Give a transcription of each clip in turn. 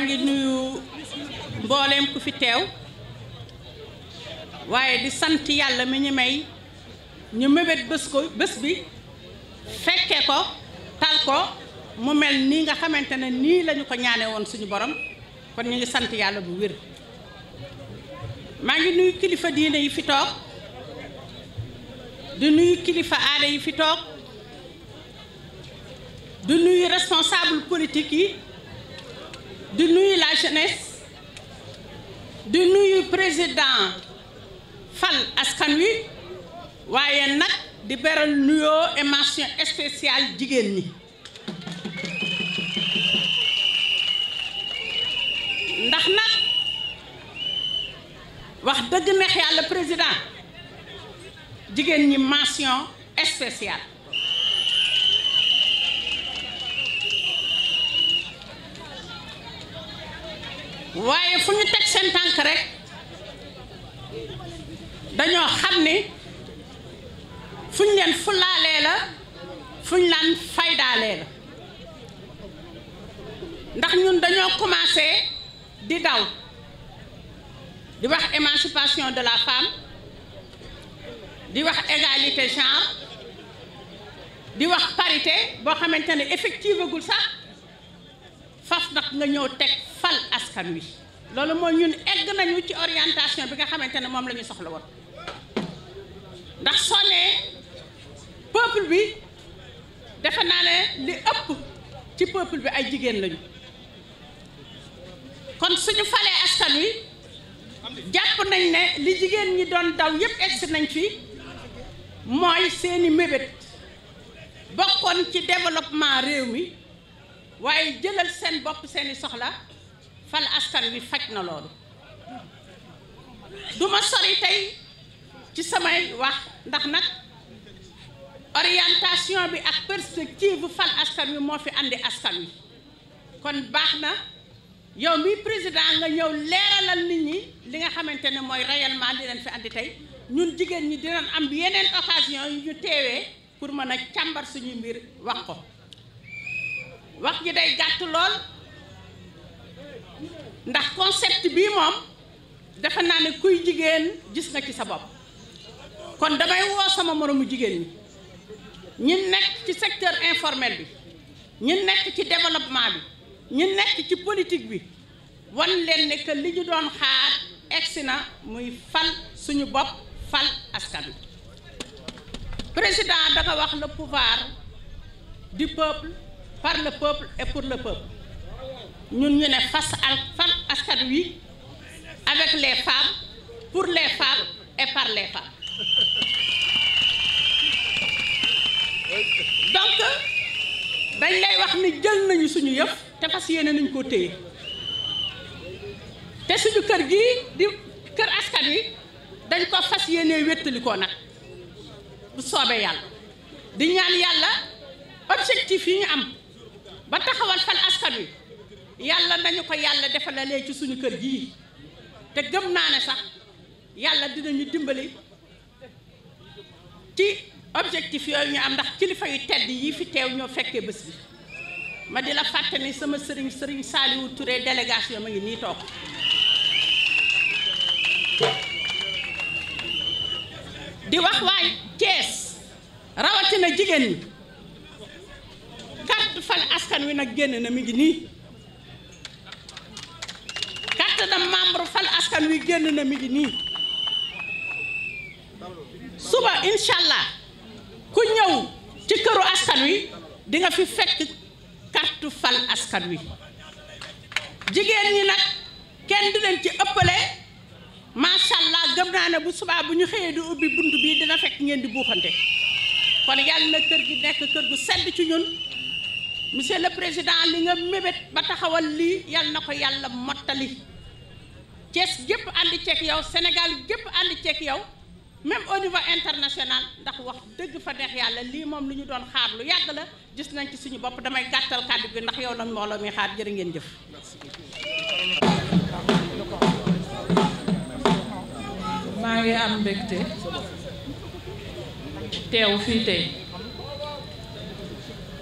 maa ngi nuyu mbooleem ku fi teew waaye di sant yàlla mi ñu may ñu mébét bés ko bés bi fekke ko tal ko mu mel nii nga xamante ne nii lañu ko ñaane woon suñu borom kon ñu ngi sant yàlla bu wér maa ngi nuyu kilifa diine yi fi toog di nuyu kilifa aada yi fi toog di nuyu responsable politik yi di nuyu la jeunesse di nuyu président fal askan wi waaye nag di beral nuyoo et mention jigéen ñi ndax nag wax dëgg neex yàlla président jigéen ñi mention spéciale waaye fu ñu teg seen tànk rek dañoo xam ni fuñ leen fulaalee la fuñ laan faydaalee la ndax ñun dañoo commencé di daw di wax émancipation de la femme di wax égalité genre di wax parité boo xamante ne effective agul sax faf nag nga ñëw teg fal askan wi loolu mooy ñun egg nañu ci orientation bi nga xamante ne moom la ñu soxla woon ndax soo nee peuple bi defe naa ne li ëpp ci peuple bi ay jigéen lañu kon suñu falee askan wi jàpp nañ ne li jigéen ñi doon daw yépp egsi nañ fi mooy seeni mébét bokkoon ci développement réew mi waaye jëlal seen bopp seeni soxla fal askan wi faj na loolu du ma sori tey ci samay wax ndax nag orientation bi ak perspective fal askan wi moo fi andi askan wi kon baax na yow mi président nga ñëw leeralal nit ñi li nga xamante ne mooy réellement li leen fi andi tey ñun jigéen ñi dinañ am yeneen occasion yu ñu teewee pour mën a càmbar suñu mbir wax ko wax ji day gàtt lool. ndax concept bii moom defe naa ne kuy jigéen gis nga ci sa bopp kon damay woo sama moroomu jigéen ñi ñu nekk ci secteur informel bi ñu nekk ci développement bi ñu nekk ci politique bi wan leen nekk li ñu doon xaar egsi na muy fal suñu bopp fal askan wi président da wax le pouvoir du peuple par le peuple et pour le peuple ñun ñu ne face à face askan wi avec les femmes pour les femmes et par les femmes donc dañ lay wax ni jël nañu suñu yëf te fas yéene nañ ko téye te suñu kër gi di kër askan wi dañ ko fas yéene wéttali ko nag bu soobee yàlla di ñaan yàlla objectif yi ñu am ba taxawal fan askan wi yàlla nañu ko yàlla defalalee ci suñu kër gii te gëm naa ne sax yàlla ñu dimbali ci objectif yooyu ñu am ndax kilifa yu tedd yi fi teew ñoo fekkee bés bi ma di la fàttali sama sëriñ sëriñ Saliou Touré délégation ma ngi nii toog di wax waay Thiès rawatina jigéen yi carte fan askan wi nag génn na mi ngi nii carte de membre fal wi génn na mi ngi nii suba incha allah ku ñëw ci këru askan wi di fi fekk carte fal askan wi jigéen ñi nag kenn di leen ci ëppale macha allah naa ne bu subaa bu ñu xëyee di ubbi bund bii dina fekk ngeen di buuxante kon yàlla kër gi nekk kër gu sedd ci ñun monsieur le président li nga mébét ba taxawal lii yàlla na ko yàlla mottali Thiès gépp ànd ceeg yow senegal gépp ànd ceeg yow même au niveau international ndax wax dëgg fa neex yàlla lii moom lu ñu doon xaar lu yàgg la gis nañ ci suñu bopp damay gàttal kàddu bi ndax yow na mbooloo mi xaar jërë ngeen jëf maa ngi am mbégte teew fii tey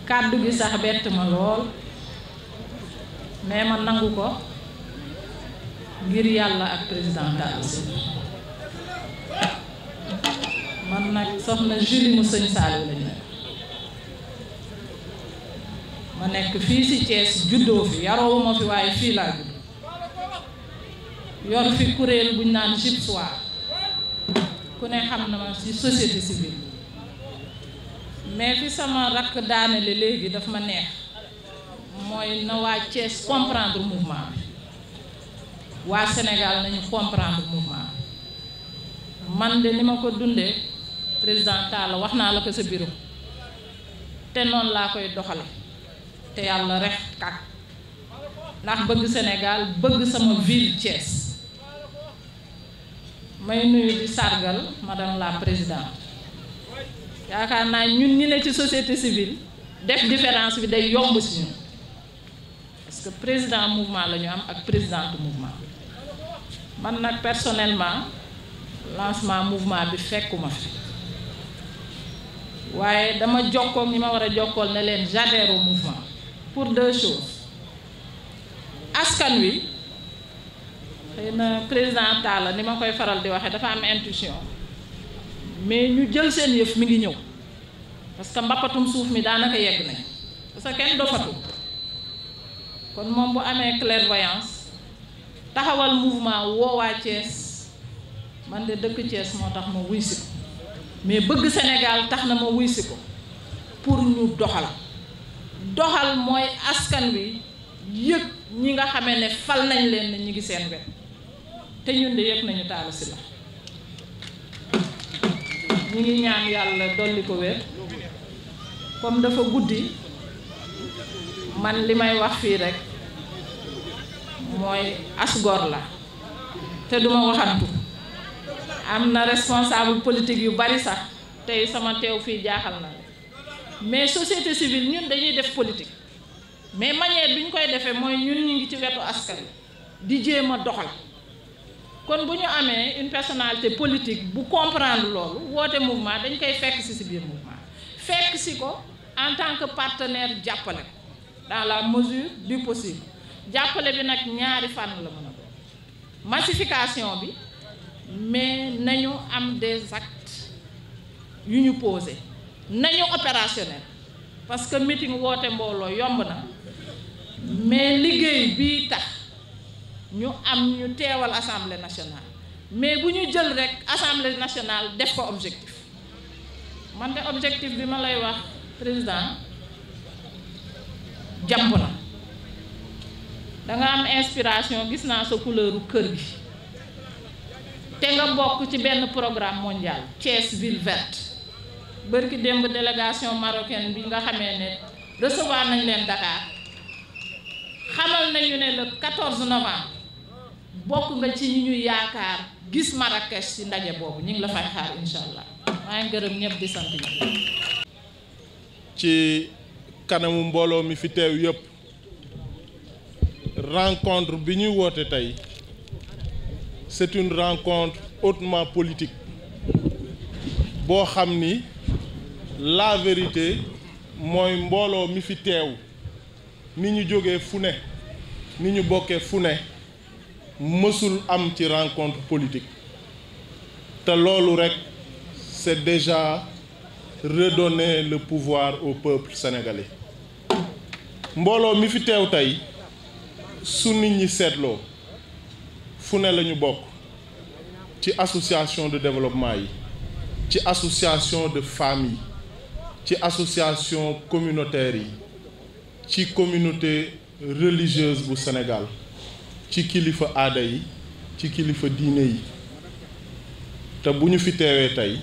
kàddu gi sax bett ma lool mais ma nangu ko ngir yàlla ak président Talla Sylla man nag soxna Julie mu sëñ Saliou lañ nag ma nekk fii si Thiès juddoo fi yaroowuma fi waaye fii laa judd yor fi kuréel buñ naan GIPSOA ku ne xam na ma ci société civile mais fi sama rakk daanale léegi daf ma neex mooy na waa Thiès comprendre mouvement waa Sénégal nañu comprendre mouvement man de ni ma ko dundee président Talla wax naa la ko sa bureau te noonu laa koy doxale te yàlla rek kat ndax bëgg Sénégal bëgg sama ville Thiès may nuyu di sargal madame la présidente yaakaar naa ñun ñi ne ci société civile def différence bi day yomb si ñun parce que président mouvement la ñu am ak présidente mouvement man nag personnellement lancement mouvement bi fekkuma fi waaye dama jokkoog ñi ma war a jokkool ne leen j'adhère au mouvement pour deux choses askan wi xëy na président Talla ni ma koy faral di waxee dafa am intuition mais ñu jël seen yëf mi ngi ñëw parce que mbappatum suuf mi daanaka yegg nañ parce que kenn dofatu kon moom bu amee clairvoyance taxawal mouvement woowaa Thiès man de dëkk Thiès moo tax ma wuy ko mais bëgg senegaal tax na ma wuy ko pour ñu doxal doxal mooy askan wi yëg ñi nga xamee ne fal nañ leen ne ñi ngi seen wet te ñun de yëg nañu Talla Sylla ñu ngi ñaan yàlla dolli ko wér comme dafa guddi man li may wax fii rekk mooy asgor la te duma waxantu am na responsable politique yu bari sax tey sama teew fii jaaxal na mais société civile ñun dañuy def politique mais manière bi ñu koy defee mooy ñun ñu ngi ci wetu askan di jéem a doxal kon bu ñu amee une personnalité politique bu comprendre loolu woote mouvement dañ koy fekk si si biir mouvement fekk si ko en tant que partenaire jàppale dans la mesure du possible jàppale bi nag ñaari fànn la mën a doon massification bi mais nañu am des yu ñu posé nañu opérationnel parce que meeting woote mbooloo yomb na mais liggéey bii tax ñu am ñu teewal assemblée nationale mais bu ñu jël rek assemblée nationale def ko objectif mante objectif bi ma lay wax président jàmp na danga nga am inspiration gis naa sa couleuru kër gi te nga bokk ci benn programme mondial Thiès ville vert bërki démb délégation marocaine bi nga xamee ne recevoir nañ leen Dakar xamal nañu ne le 14 novembre bokk nga ci ñi ñu yaakaar gis Marrakech ci ndaje boobu ñu ngi la fay xaar incha allah maa ngi gërëm ñëpp di sant ci kanamu mbooloo mi fi teew yëpp rencontre bi ñuy woote tey c'est une rencontre hautement politique boo xam ni la vérité mooy mbooloo mi fi teew ni ñu jógee fu ne ni ñu bokkee fu ne mësul am ci rencontre politique te loolu rekk c'est déjà redonné le pouvoir au peuple sénégalais mbooloo mi fi teew tey su nit ñi seetloo fu ne la ñu bokk ci association de développement yi ci association de femmes yi ci association communautaire yi ci communauté religieuse bu Sénégal ci kilifa aada yi ci kilifa diine yi te bu ñu fi teewee tey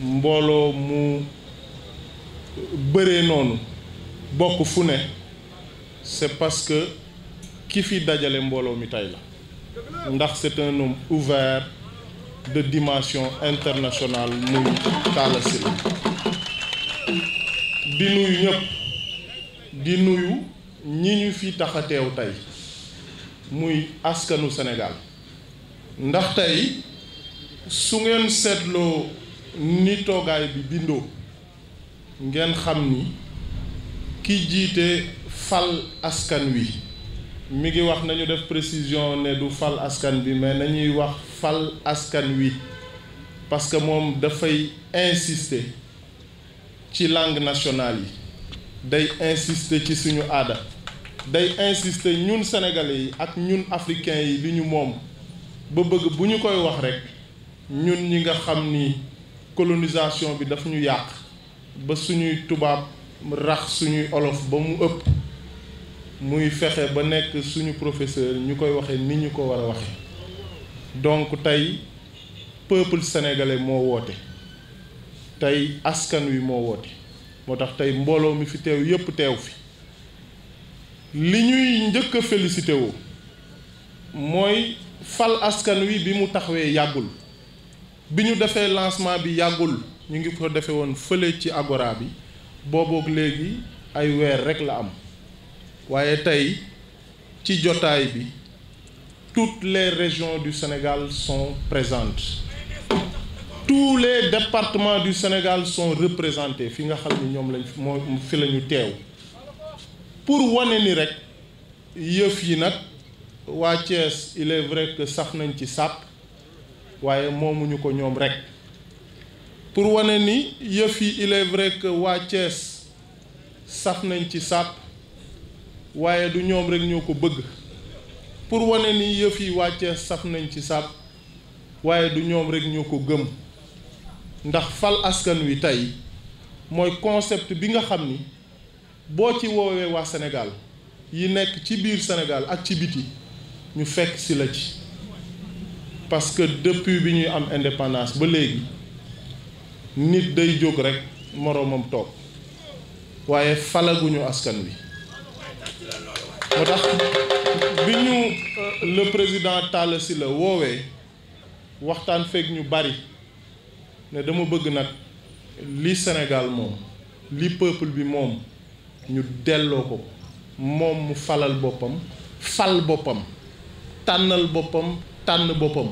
mbooloo mu bëree noonu bokk fu ne c'est parce que ki fi dajale mbooloo mi tey la ndax c'est un homme de dimension internationale muy Talla di nuyu ñëpp di nuyu ñi ñu fi tax a teew tey muy askanu senegal ndax tey su ngeen seetloo ni toogaay bi bindoo ngeen xam ni ki jiite fal askan wi mi ngi wax nañu def précision ne du fal askan bi mais nañuy wax fal askan wi parce que moom dafay insister ci langue nationale yi day insister ci suñu aada day insister ñun sénégalais yi ak ñun africains yi li ñu moom ba bëgg bu ñu koy wax rek ñun ñi nga xam ni colonisation bi daf ñu yàq ba suñuy tubaab rax suñuy olof ba mu ëpp muy fexe ba nekk suñu professeur ñu koy waxee ni ñu ko war a waxee donc tey peuple sénégalais moo woote tey askan wi moo woote moo tax tey mbooloo mi fi teew yépp teew fi li ñuy njëkk a félicité woo mooy fal askan wi bi mu taxawee yàggul bi ñu defee lancement bi yàggul ñu ngi ko defee woon fële ci agora bi boobook léegi ay weer rekk la am waaye tey ci jotaay bi toutes les régions du Sénégal son présentes tous les départements du Sénégal sont représentés fi nga xam ni ñoom lañ moo fi la ñu teew pour wane ni rek yëf yi nag waa Thiès il est vrai que sax nañ ci sàpp waaye moomuñu ko ñoom rek pour wane ni yëf yi il est vrai que waa Thiès sax nañ ci sàpp waaye du ñoom rek ñoo ko bëgg pour wane ni yëf yi waa Cees saf nañ ci sàpp waaye du ñoom rek ñoo ko gëm ndax fal askan wi tey mooy concept bi nga xam ni boo ci woowee waa Sénégal yi nekk ci biir Sénégal ak ci biti ñu fekk si la ci parce que depuis bi ñuy am indépendance ba léegi nit day jóg rek moroomam toog waaye falaguñu askan wi moo tax bi ñu euh, le président tàll si la woowee waxtaan feeg ñu bari ne dama bëgg nag li Sénégal moom li peuple bi moom ñu delloo ko moom mu falal boppam fal boppam tànnal boppam tànn boppam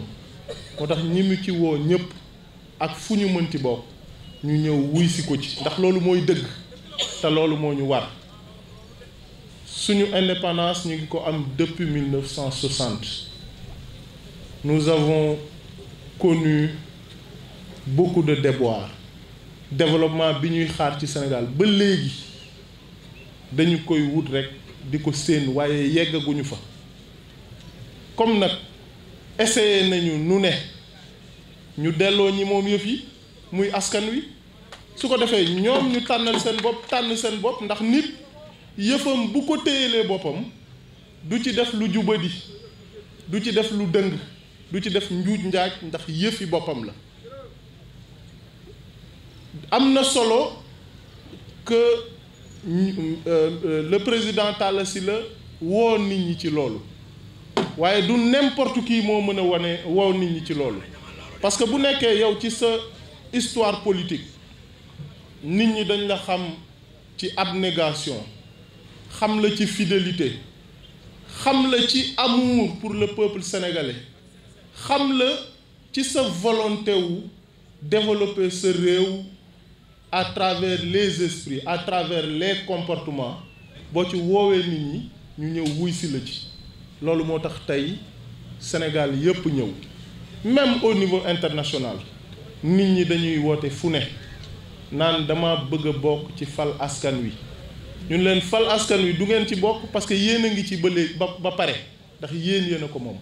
moo tax ñi mu ci woo ñëpp ak fu ñu mënti bokk ñu ñëw wuy si ko ci ndax loolu mooy dëgg te loolu moo ñu war suñu indépendance ñu ngi ko am depuis 1960 nous avons connu beaucoup de déboires développement bi ñuy xaar ci Sénégal ba léegi dañu koy wut rek di ko séen waaye yeggaguñu fa comme nag essayé nañu nu ne ñu delloo ñi moom yëf yi muy askan wi su ko defee ñoom ñu tànnal seen bopp tànn seen bopp ndax nit. yëfam bu ko téyelee boppam du ci def lu jubadi du ci def lu dëng du ci def njuuj njaaj ndax yëfi boppam la am na solo que euh, le président Talla Sylla woo nit ñi ci loolu waaye du n'importe qui moo mën a wane woo nit ñi ci loolu parce que bu nekkee yow ci sa histoire politique nit ñi dañ la xam ci abnégation xam la ci fidélité xam la ci amour pour le peuple sénégalais xam la ci sa volonté wu développer sa réew à travers les esprits à travers les comportements boo ci woowee nit ñi ñu ñëw wuy si la ci loolu moo tax tey Sénégal yépp ñëw même au niveau international nit ñi dañuy woote fu ne naan dama bëgg a bokk ci fal askan wi ñun leen fal askan wi du ngeen ci bokk parce que yéen a ngi ci ba léegi ba ba pare ndax yéen yéen a ko moom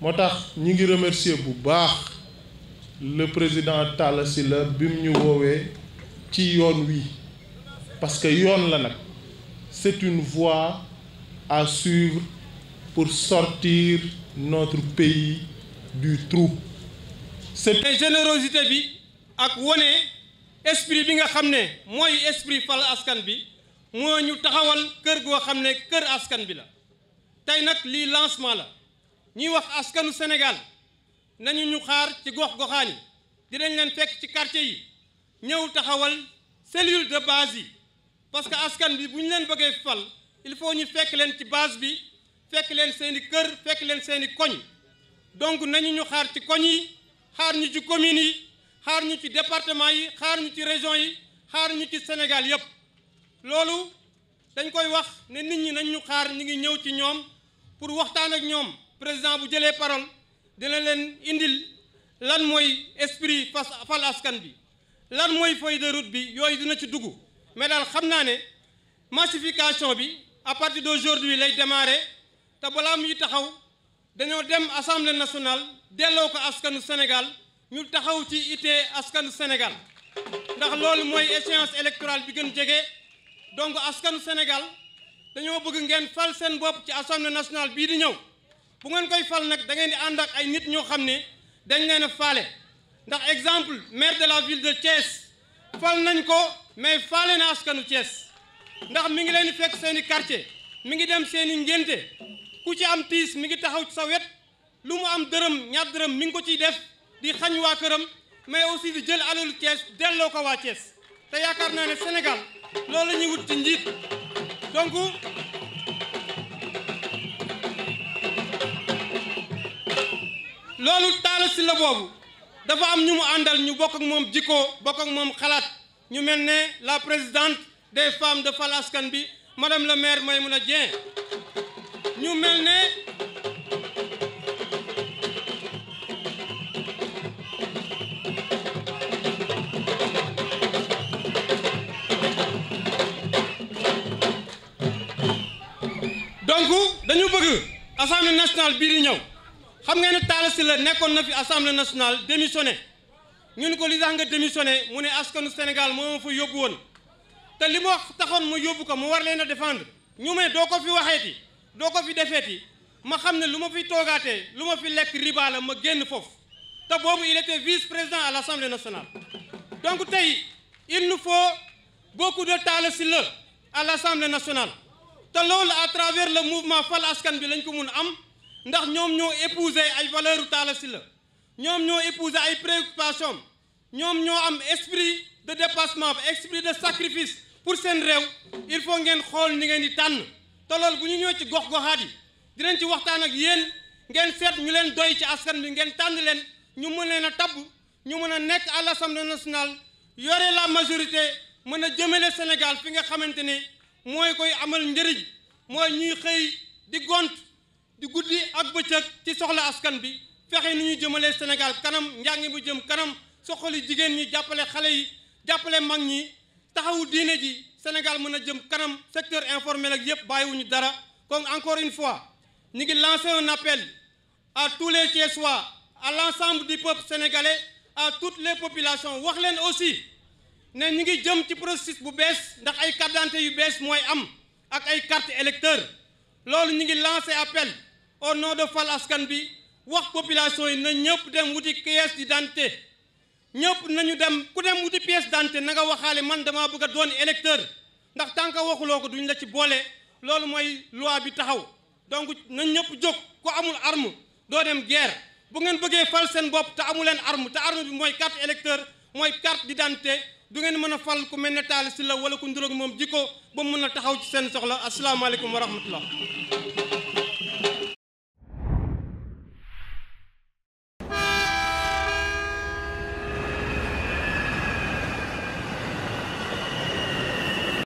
moo tax ñi ngi remercier bu baax le président Talla la bi mu ñu woowee ci yoon wi parce que yoon la nag c'est une voie à suivre pour sortir notre pays du trou c'est générosité bi ak wone esprit bi nga xam ne mooy esprit fal askan bi moo ñu taxawal kër goo xam ne kër askan bi la tey nag lii lancement la ñuy wax askanu Sénégal nañu ñu xaar ci gox goxaan yi dinañ leen fekk ci quartier yi ñëw taxawal cellule de base yi parce que askan bi bu ñu leen bëggee fal il faut ñu fekk leen ci base bi fekk leen seeni kër fekk leen seeni koñ donc nañu ñu xaar ci koñ yi xaar ñu ci communes yi xaar ñu ci département yi xaar ñu ci région yi xaar ñu ci Sénégal yépp loolu dañ koy wax ne nit ñi nañ ñu xaar ñu ngi ñëw ci ñoom pour waxtaan ak ñoom président bu jëlee parole dina leen indil lan mooy esprit fas fal askan bi lan mooy feuille de route bi yooyu dina ci dugg mais xam naa ne massification bi à partir d'aujourd'hui lay démarrer te balaa muy taxaw dañoo dem assemblée nationale delloo ko askanu Sénégal ñu taxaw ci ité askanu Sénégal ndax loolu mooy échéance électorale bi gën jege. donc askanu Sénégal dañoo bëgg ngeen fal seen bopp ci assemblée national bii di ñëw bu ngeen koy fal nag da ngeen di ànd ak ay nit ñoo xam ne dañ leen a fale ndax exemple maire de la ville de Thiès fal nañ ko mais fale na askanu Thiès ndax mi ngi leen fekk seen i quartier mi ngi dem seen i ngénte ku ci am tiis mi ngi taxaw ci sa wet lu mu am dërëm ñaar dërëm mi ngi ko ciy def di xañ waa këram mais aussi di jël alalu Thiès delloo ko waa Thiès te yaakaar naa ne Sénégal loolu la ñuy wut ci njiit donc loolu Talla la boobu dafa am ñu mu àndal ñu bokk ak moom jikko bokk ak moom xalaat ñu mel ne la présidente des femmes de Fal Askan bi madame le maire Maïmouna Dieng ñu mel ne. donc dañu bëgg assemblée nationale bii di ñëw xam ngeen ne si la nekkoon na fi assemblée nationale ñu ñun ko li tax nga démissionné mu ne askanu Sénégal moo ma fa yóbbu woon te li ma taxoon mu yóbbu ko mu war leen a défendre ñu me doo ko fi waxeeti doo ko fi defeeti ma xam ne lu ma fi toogaatee lu ma fi lekk riba ma génn foofu te boobu il était vice-président à l'Assemblée nationale donc tey il nous faut beaucoup de Talla Sylla à l'Assemblée te loolu à travers le mouvement Fal Askan bi lañ ko mun am ndax ñoom ñoo épouser ay valeurs Talla Sylla ñoom ñoo épouser ay préoccupations ñoom ñoo am esprit de dépassement esprit de sacrifice pour seen réew il faut ngeen xool ni ngeen di tànn te bu ñu ñëwee ci gox-goxaat yi dinañ ci waxtaan ak yéen ngeen seet ñu leen doy ci askan bi ngeen tànn leen ñu mën leen a tabb ñu mën a nekk à l'Assemblée nationale yore la majorité mën a jëmale Sénégal fi nga xamante ni. mooy koy amal njëriñ mooy ñuy xëy di gont di guddi ak bëccëg ci soxla askan bi fexe ni ñuy jëmalee Sénégal kanam njàng bu jëm kanam soxali jigéen ñi jàppale xale yi jàppale mag ñi taxawu diine ji Sénégal mën a jëm kanam secteur informel ak yëpp bàyyiwuñu dara kon encore une fois ñu ngi lancer un appel à tous les Thiessois à l'ensemble du peuple sénégalais à toutes les populations wax leen aussi ne ñu ngi jëm ci processus bu bees ndax ay carte d'identité yu bees mooy am ak ay carte électeur loolu ñu ngi lancé appel au nom de Fal Askan bi wax population yi na ñëpp dem wuti pièce d'identité ñëpp nañu dem ku dem wuti pièce dante na nga waxaale man damaa bëgg a doon électeur ndax tant que waxuloo ko duñu la ci boole loolu mooy loi bi taxaw donc na ñëpp jóg ku amul arme doo dem guerre bu ngeen bëggee fal seen bopp te amuleen arme te arme bi mooy carte électeur mooy carte d'identité du ngeen mën a fal ku mel ne si la wala ku nduróog moom jikko ba mu mën a taxaw ci seen soxla asalaamaaleykum wa rahmatullah